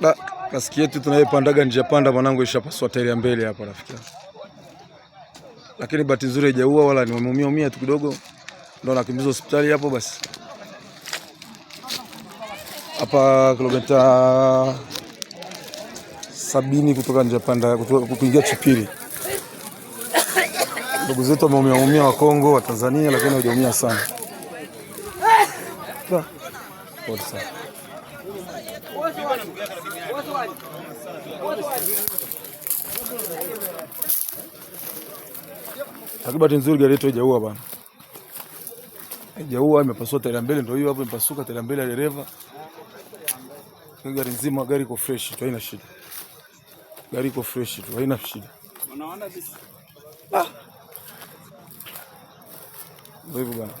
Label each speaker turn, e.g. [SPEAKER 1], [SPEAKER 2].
[SPEAKER 1] La, kasiki yetu tunayepandaga njia panda mwanangu ishapaswa tairi ya mbele hapa rafiki Lakini bahati nzuri haijaua wala nimeumia umia tu kidogo ndo nakimbizwa hospitali hapo basi. Hapa kilomita sabini kutoka njia panda kuingia chipiri Ndugu zetu wameumia umia wa Kongo wa Tanzania, lakini hawajaumia sana fursa. Akibati nzuri gari yetu haijaua bana, haijaua imepasuka tairi mbele, ndio hiyo hapo imepasuka tairi mbele ya dereva. Gari nzima, gari iko fresh tu, haina shida. Gari iko fresh tu, haina shida. Unaona bisi? Ah. Wewe bwana.